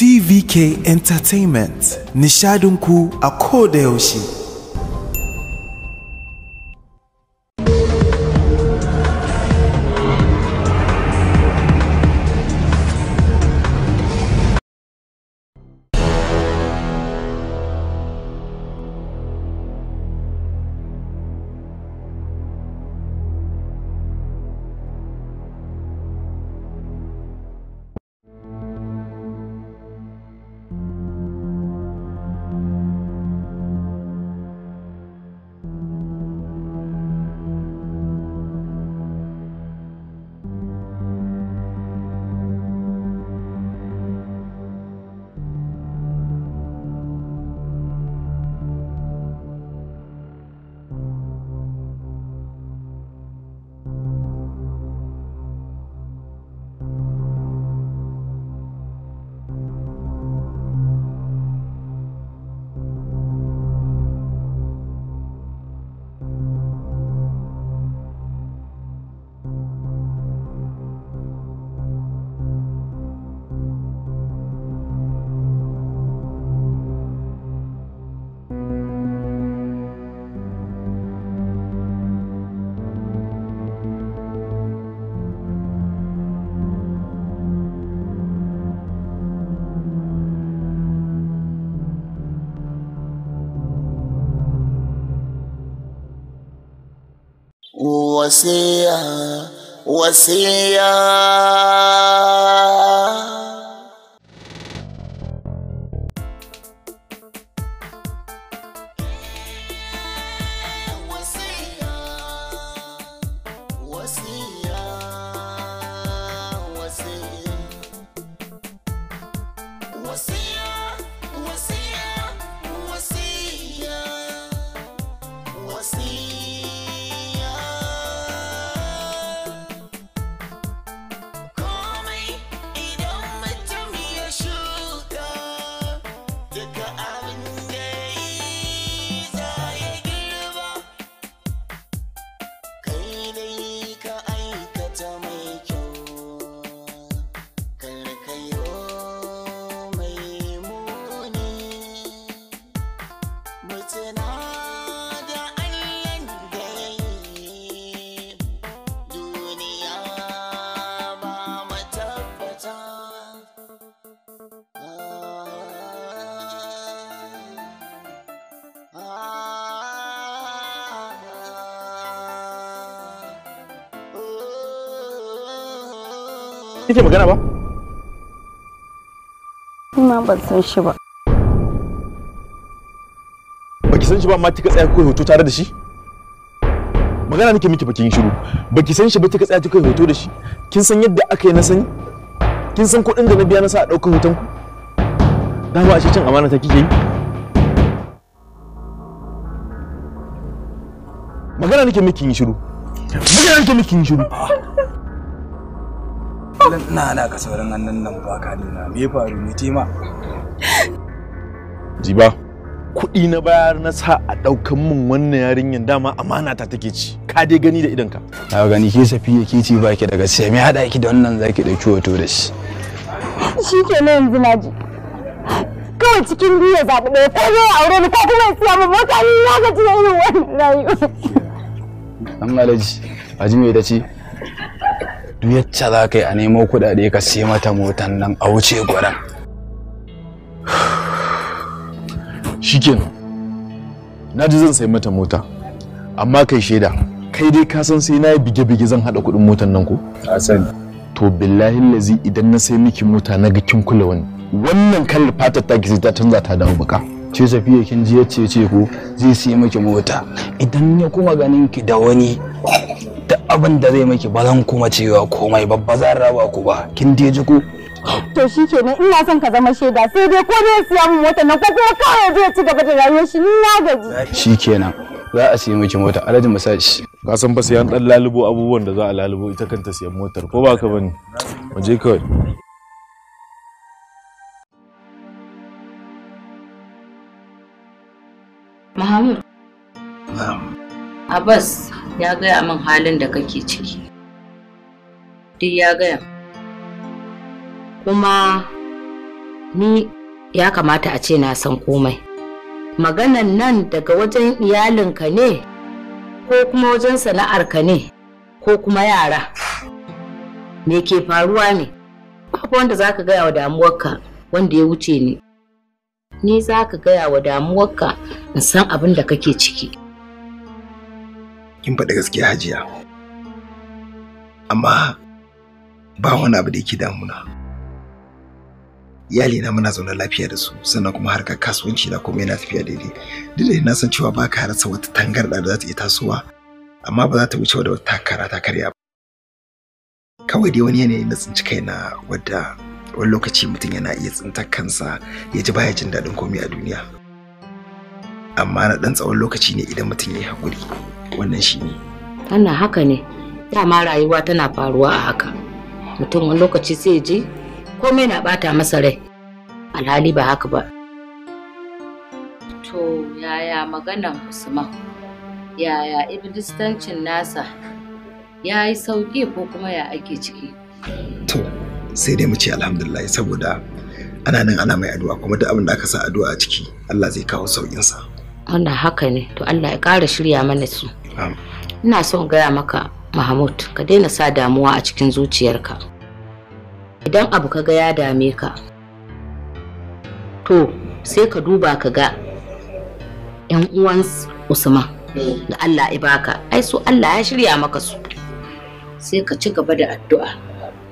CVK Entertainment, nishadunku a koda wasiya wasiya kike magana ba Ina ban san shi ba baki san shi ba amma kika tsaya kai hoto tare da shi magana nake miki bakin shiru baki san shi ba kika tsaya kai hoto da shi kin san yadda aka yi na sani kin san kuɗin da na biya na sa a ɗaukar hoton ku ba a cin amana ta kike yi magana nake miki yin shiru magana nake miki yin shiru kullum ina hana ka sauran annan nan baka nuna me faru me tema jiba kuɗi na bayar na sa a ɗaukan min wannan yarinyar dama amana ta take ci ka dai gani da idanka ka gani ke ya ke ci baki daga sai me hada ki da wannan zaki dauki hoto da shi shikenan yanzu na ji kawai cikin biyu zaɓi ɗaya ko zai aure ni ko kuma siya mu mota ni na gaji da irin wannan rayuwa an alaji aji me da ci duk yacce za ka yi a nemo kuɗaɗe ka sai mata motan nan a wuce gwaran shikenan na ji zan sai mata mota amma kai shaida kai dai ka san sai na yi bige-bige zan haɗa kuɗin motan nan ko a sani to billahi lazi idan na sai miki mota na ga kin kula wani wannan kallar fatar ta ta canza ta dawo baka ce safiya kin ji yace ce ko zai sai miki mota idan ya kuma ganin ki da wani da abin da zai miki ba kuma cewa komai ba ba zan raba ku ba kin dai ji ko to shi nan ina son ka zama shaida sai dai ko dai siya min mota na? ko kuma kawai zai ci gaba da rayuwar shi ni na gaji shi kenan za a siya miki mota alhaji shi. ka san ba siyan dan lalubo abubuwan da za a lalubo ita kanta siyan motar ko ba ka bane mu je kawai Abas Abbas ya gaya min halin da kake ciki. Duk ya gaya. Kuma ni ya kamata a ce na san komai. Maganan nan daga wajen iyalinka ne, ko kuma wajen sana'arka ne, ko kuma yara. Me ke faruwa ne? Babu wanda za ka gaya wa damuwarka wanda ya wuce ni. ni za ka gaya wa damuwarka in san abin da kake ciki. Kin faɗi gaskiya hajiya. Amma ba wani abu da yake damuna. na muna zaune lafiya da su sannan kuma harkar kasuwanci na kuma yana tafiya daidai. Duk da na san cewa ba ka rasa wata tangarɗa da za ta iya tasowa amma ba za ta wuce wadda wata takara ta karya ba. Kawai dai wani yanayi na tsinci na wadda wani lokaci mutum yana iya tsintar kansa ya ji baya jin daɗin komai a duniya amma na ɗan tsawon lokaci ne idan mutum ya yi haƙuri wannan shi ne wannan haka ne dama rayuwa tana faruwa a haka mutum wani lokaci sai ji komai na ɓata masa rai alhali ba haka ba to yaya maganan usman yaya ibidistancin nasa ya yi sauƙi ko kuma ya ake ciki to sai dai mu ce alhamdulillah saboda ana nan ana mai addu'a kuma duk abin da aka sa addu'a a ciki Allah zai kawo saukin sa wanda haka ne to Allah ya ƙara shirya mana su ina son gaya maka Mahmud ka daina sa damuwa a cikin zuciyarka idan abu ka ga ya dame ka to sai ka duba ka ga yan uwan Usman da Allah ya baka ai su Allah ya shirya maka su sai ka ci gaba da addu'a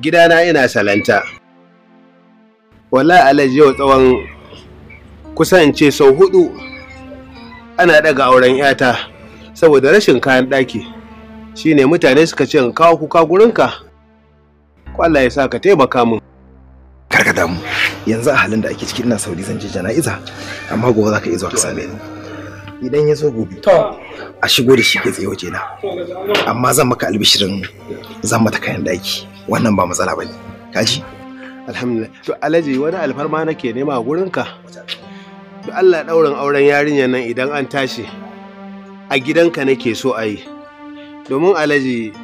gidana ina salanta wallahi alaji yau tsawon kusance sau hudu ana daga auren yata saboda rashin kayan daki shine mutane suka ce in kawo kuka gurinka Kwallaye ya sa ka taimaka min karka damu yanzu a halin da ake ciki ina sauri zan je jana'iza amma gobe za ka iya zuwa ka same ni idan ya zo gobe a shigo da shi ke tsaye waje na amma zan maka albishirin zan mata kayan daki wannan ba matsala bane kaji alhamdulillah to alaji wani alfarma nake nema a ka. to Allah daurin auren yarinyar nan idan an tashi a gidanka nake so a yi domin alaji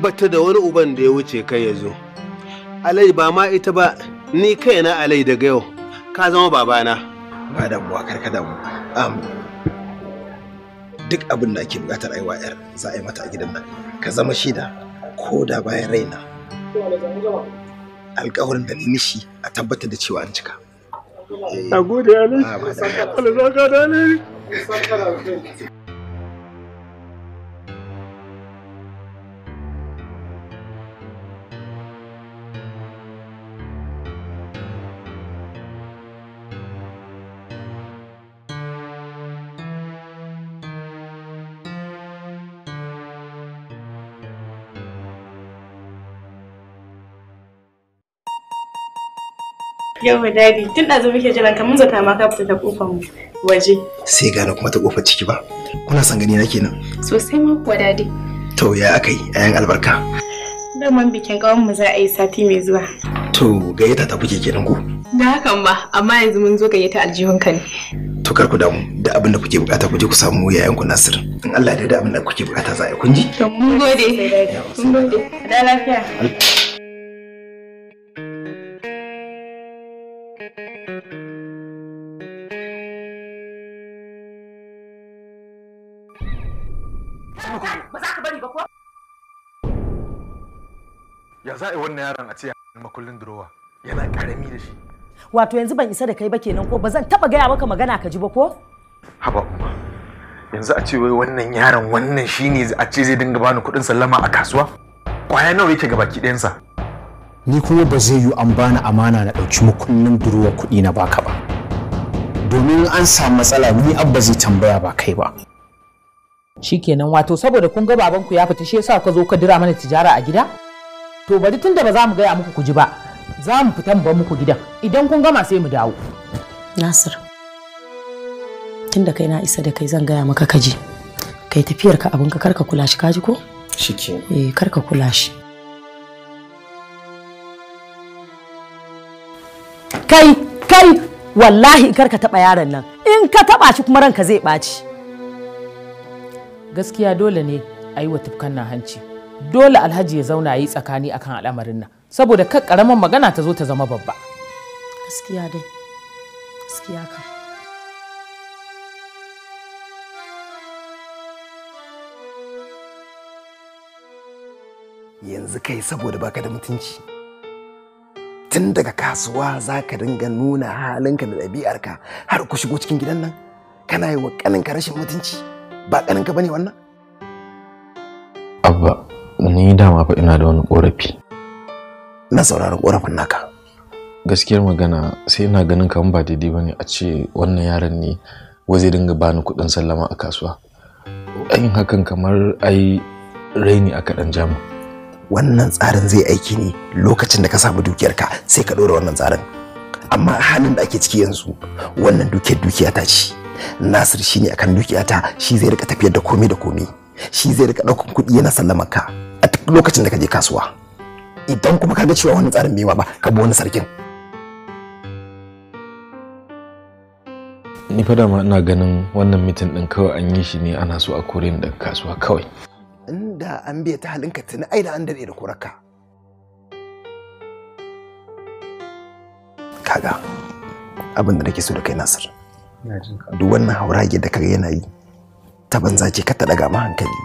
bata da wani uban da ya wuce kai ya zo alhaji ba ma ita ba ni kaina alhaji daga yau ka zama babana ba damuwa karka damu duk abin da ake bukatar aiwa yar za a yi mata a gidan nan ka zama shida ko da bayan raina alkawarin da ni a tabbatar da cewa an cika eh. a gode ah, da Yawwa dadi tun ɗazu muke jiran ka zata ma ka ta kofar waje. Sai gane kuma ta kofar ciki ba. Kuna san gani na kenan. Sosai ma kuwa dadi. To ya aka yi a yan albarka. Daman bikin kawon mu za a yi sati mai zuwa. To gayyata ta kuke kenan ku? Da hakan ba amma yanzu mun zo gayyata aljihunka ne. To kar ku damu da abin da kuke bukata ku ku samu yayan ku Nasir. In Allah ya da abin da kuke bukata za a yi kun ji? Mun gode. Mun gode. Da lafiya. za a yi wannan yaron a ce makullin durowa yana karami da shi wato yanzu ban isa da kai ba kenan ko ba zan taba gaya maka magana ka ji ba ko haba umma yanzu a ce wai wannan yaron wannan shine a ce zai dinga bani kuɗin sallama a kasuwa kwaya nawa yake gabaki ɗayansa ni kuma ba zai yi an bani amana na ɗauki makullin durowa kuɗi na baka ba domin an samu matsala ni abba zai tambaya ba kai ba shikenan wato saboda kun ga babanku ya fita shi yasa ka zo ka dira mana tijara a gida to bari tunda ba za mu gaya muku ku ji ba za mu fita mu bar muku gidan idan kun gama sai mu dawo nasir tunda kai na isa da kai zan gaya maka kaji kai tafiyar ka abin ka karka kula shi kaji ko shike eh karka kula shi kai kai wallahi karka taba yaron nan in ka taba shi kuma ranka zai ɓaci gaskiya dole ne a yi wa tufkan na hanci dole alhaji ya zauna yi tsakani akan al'amarin nan saboda kar karaman magana ta zo ta zama babba gaskiya dai gaskiya ka yanzu kai saboda baka da mutunci tun daga kasuwa za ka dinga nuna halinka da ɗabi'arka har ku shigo cikin gidan nan kana yi wa ƙaninka rashin mutunci ba ƙaninka ba ne wannan abba ni dama fa ina da wani korafi na sauraron korafin naka gaskiyar magana sai ina ganin kamar ba daidai bane a ce wannan yaron ne waje zai dinga bani kuɗin sallama a kasuwa ayin hakan kamar ai raini a kaɗan jamu wannan tsarin zai aiki ne lokacin da ka samu dukiyarka sai ka ɗora wannan tsarin amma halin da ake ciki yanzu wannan dukiyar dukiyata ce nasir ne akan dukiyata shi zai rika tafiyar da komai da komai shi zai rika ɗaukan kuɗi yana sallamar ka lokacin da ka je kasuwa idan kuma ka ga cewa wani tsarin bai ba ka bi wani sarkin ni fa dama ina ganin wannan mitin din kawai an yi shi ne ana so a kore ni daga kasuwa kawai inda an biya ta halinka tuni ai da an dade da koraka kaga abin da nake so da kai Nasir duk wannan haurage da kaga yana yi ta banza ce ka ta daga ma hankali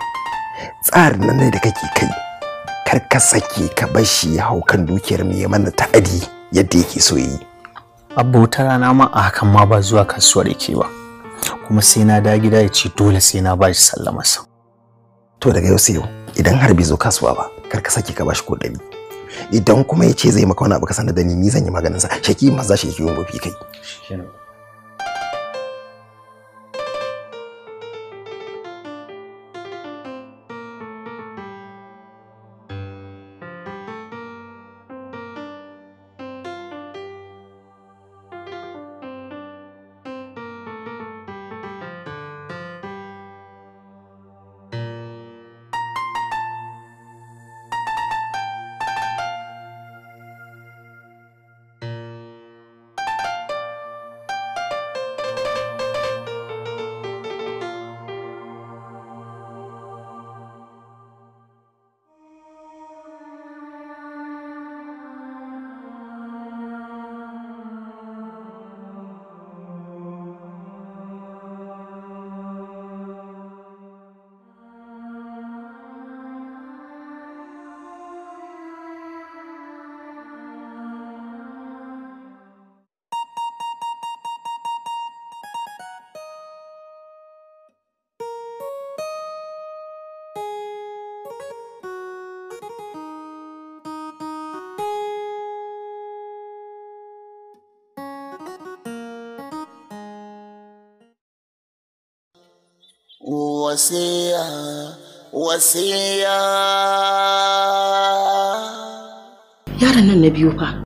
tsarin nan ne da kake kai kar ka sake ka bar shi ya hau kan dukiyar mu ya mana ta'adi yadda yake so yi abu ta rana ma a hakan ma ba zuwa kasuwar yake ba kuma sai na da gida ya ce dole sai na ba shi sallamarsa to daga yau sai yau idan har bai zo kasuwa ba kar ka sake ka bashi ko ɗari idan kuma ya ce zai maka wani abu ka sanar da ni ni zan yi maganin sa shaki ma za shi yi gobe kai wasiya wasiya yaron nan na biyu fa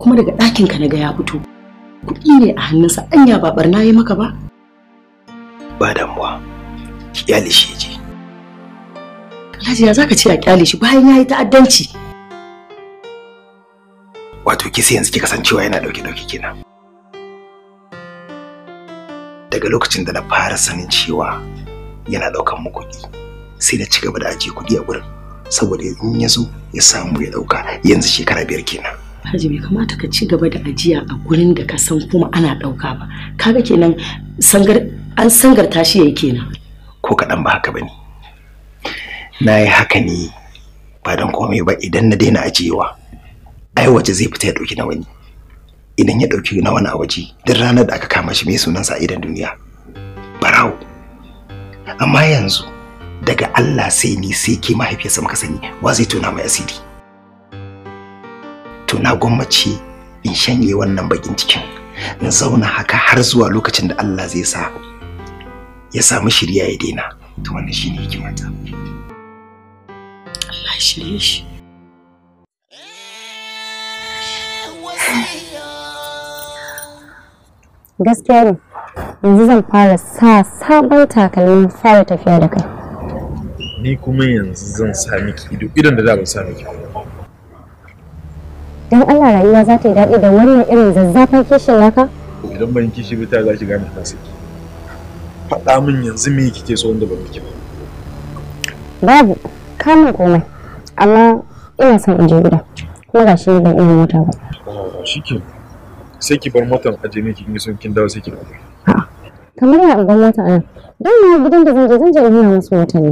kuma daga ɗakinka na ga ya fito kuɗi ne a hannunsa anya ba barna yi maka ba ba damuwa kyale shi je Alhaji ya zaka ce a kyale shi bayan ya yi ta'addanci wato kisi yanzu kika san cewa yana dauke dauke kenan daga lokacin da na fara sanin cewa yana daukan mu kuɗi sai na ci gaba da ajiye kuɗi a gurin saboda in ya zo ya samu ya dauka yanzu shekara biyar kenan Haji bai kamata ka ci gaba da ajiya a gurin da ka san kuma ana dauka ba kaga kenan sangar an sangarta shi yayi kenan ko kaɗan ba haka bane na yi haka ne ba don komai ba idan na daina ajiyewa ai waje zai fita ya dauki na wani idan ya dauki na wani a waje duk ranar da aka kama shi mai sunan sa idan duniya barawo amma yanzu daga Allah sai ni sai ke mahaifiyarsa muka sani wa zai tona mai asiri to na gwammace in shanye wannan bakin cikin na zauna haka har zuwa lokacin da Allah zai sa ya samu shirya ya daina to wannan shine hikimata Allah shirye shi gaskiya ne yanzu zan fara sa sabon takalmin fara tafiya da kai ni kuma yanzu zan sa miki ido idan da ban sa miki don Allah rayuwa za ta yi daɗi da wannan irin zazzafan kishin ka? idan ban kishi ba ta za ki gane ta saki faɗa min yanzu me kike so wanda ban miki ba babu kamun komai amma ina son in je gida kuma ga ne ban iya mota ba ba shikenan sai ki bar motar aje ne kin so kin dawo sai ki kamar ya ga mota nan don na gidan da zan je zan je in yi musu mota ne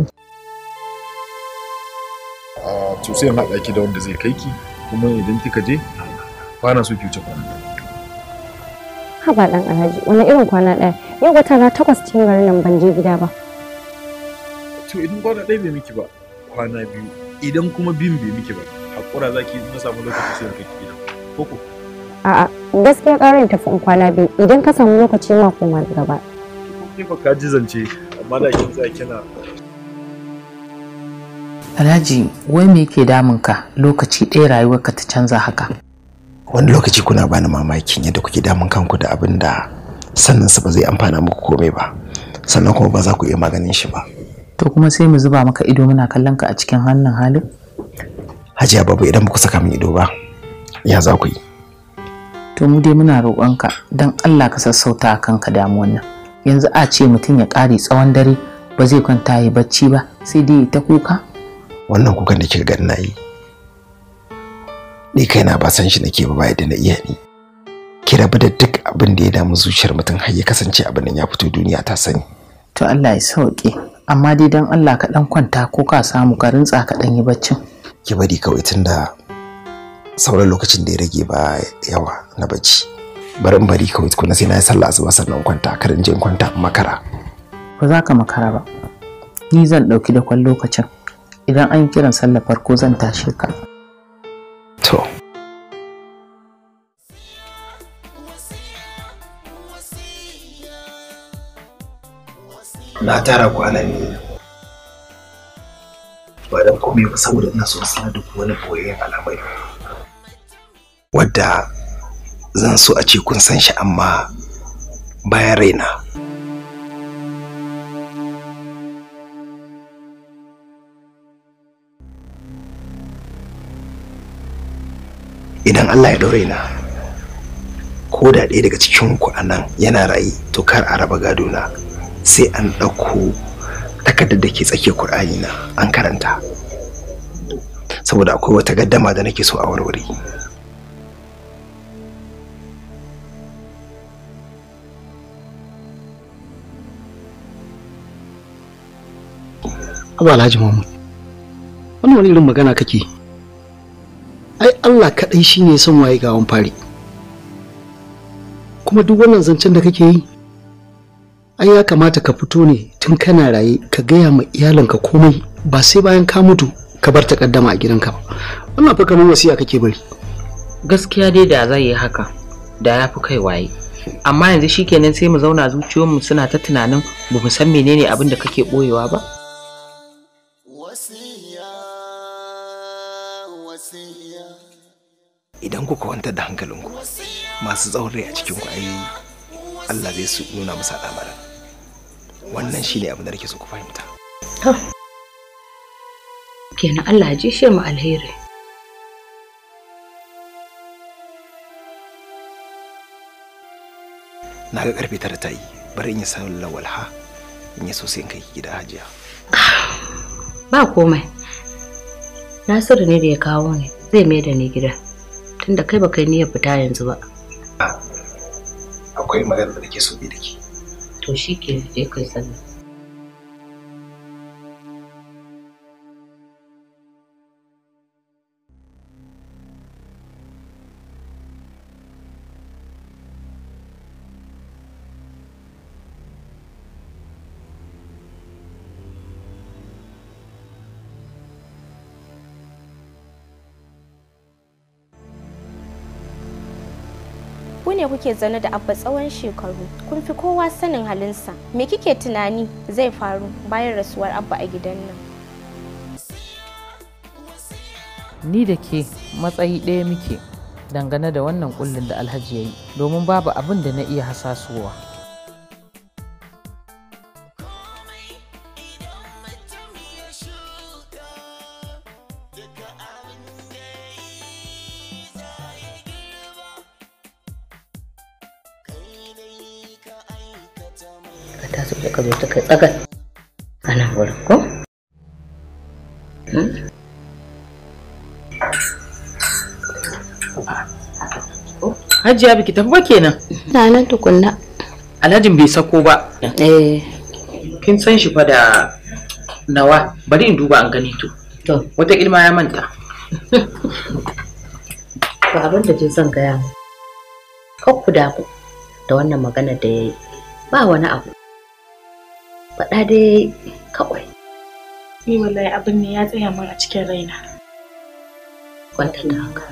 a ah, to sai na daki da wanda zai kai ki kuma idan kika je ba na so ki wuce kwana haba dan alhaji wani irin kwana ɗaya, yau wata na takwas cikin garin nan ban je gida ba to idan kwana ɗaya bai miki ba kwana biyu idan kuma biyun bai miki ba haƙura hakura zaki na samu lokaci sai kai gida ko ko a'a gaskiya karin tafi in kwana biyu idan ka samu lokaci ma koma gaba ki ka ji zance amma da kin tsaya kina Alhaji wai me yake damun ka lokaci ɗaya ka ta canza haka wani lokaci kuna bani mamakin yadda kuke damun kanku da abin da sannan su ba zai amfana muku komai ba sannan kuma ba za ku iya maganin shi ba to kuma sai mu zuba maka ido muna kallon ka a cikin hannun halin hajiya babu idan ba saka min ido ba ya za ku yi to mu dai muna roƙonka don Allah ka sassauta a kanka damuwan nan yanzu a ce mutum ya ƙare tsawon dare ba zai kwanta ya bacci ba sai dai ta kuka wannan kukan da kika gani na yi ni kaina ba san shi nake ba ba yadda na iya ni ki rabu da duk abin da ya damu zuciyar mutum har ya kasance abin nan ya fito duniya ta sani to Allah ya sauke amma dai don Allah ka dan kwanta ko ka samu ka rintsa ka dan yi baccin ki bari kawai tunda sauran lokacin da ya rage ba yawa na bacci bari in bari kawai tukuna sai na yi sallah asuba sannan kwanta kar in je in kwanta makara ba za ka makara ba ni zan ɗauki da kwan lokacin idan an kiran sallah farko zan tashe ka to na tara kwanan ne ba dan komai ba saboda ina so sanar da wani boye al'amari da zan so a ce kun san shi amma bayan raina idan allah ya ɗaure na ko da ɗaya daga cikin ku a nan yana rayu to kar a raba gado na sai an ɗauko takardar da ke tsakiyar kur'ani na an karanta saboda akwai wata gaddama da nake so a warware Abu Alhaji mamu Wannan wani irin magana kake? Ai Allah kaɗai shine son waye gawan fari. Kuma duk wannan zancen da kake yi, ai ya kamata ka fito ne tun kana raye ka gaya ma iyalanka komai ba sai bayan ka mutu ka bar takaddama a gidanka ba. Wannan fa kamar wasiya kake bari. Gaskiya dai da zai yi haka, da ya fi kai waye. amma yanzu shikenan sai mu zauna zuciyoyinmu suna ta tunanin ba mu san menene abin da kake boyewa ba idan ku kwantar da hankalinku masu tsawon a cikin ku ai Allah zai su nuna musu al'amarin wannan shine abin da nake so ku fahimta kenan Allah ji shi mu alheri na ga karfe tara ta yi bari in yi sallar walha in yi sosai in kai gida hajiya ah, ba komai nasiru ne da ya kawo ne, zai mai da ni gida tunda kai baka yi niyyar fita yanzu ba ah, akwai magana da ke so bi da ke to shi ke je kai sallah kuke zaune da abba tsawon shekaru kun fi kowa sanin halinsa me kike tunani zai faru bayan rasuwar abba a gidan nan ni da ke matsayi ɗaya muke dangane da wannan kullum da alhaji ya yi domin babu abin da na iya hasasuwa zo ta kai tsagan ana wurin ko? Hmm? Hajiya biki tafi ba kenan. Na nan tukunna. Alhajin bai sako ba. Eh. Kin san shi fa da nawa bari in duba an gani to. To. Wata ilma ya manta. Ba abin da ke son gaya mu. Kakku da ku da wannan magana da ya yi. Ba wani abu. faɗa dai kawai ni wallahi abin ne ya tsaya min a cikin raina kwanta da haka.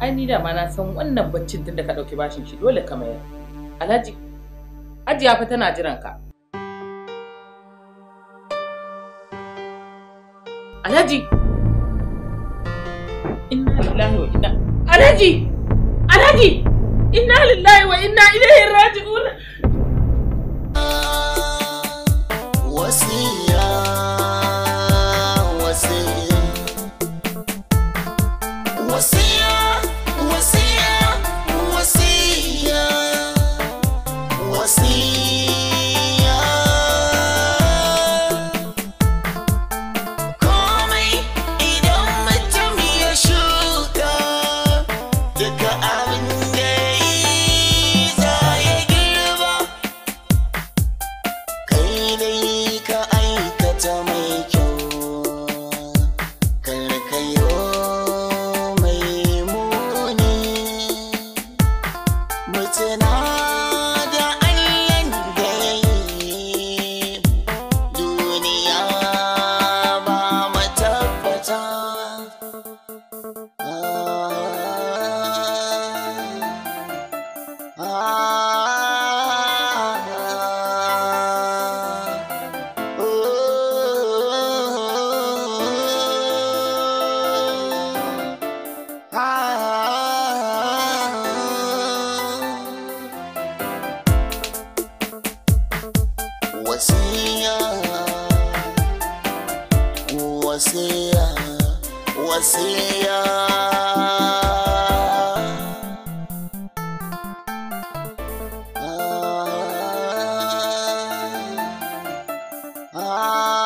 ai ni da ma na san wannan baccin tun da ka ɗauki bashin shi dole ka mayar alhaji ajiya fa tana jiran ka Alhaji! Inna lillahi wa inna... Alhaji! Alhaji! Inna lillahi wa inna ilaihi raji'un! Ah.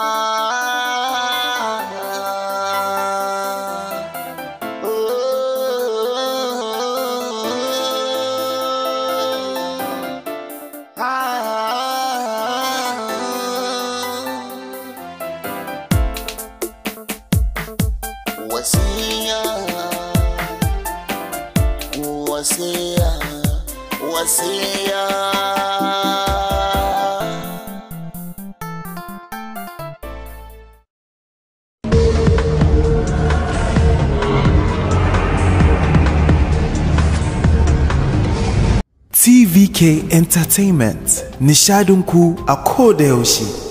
Bye. entertainment nishadinku a ko yaushe.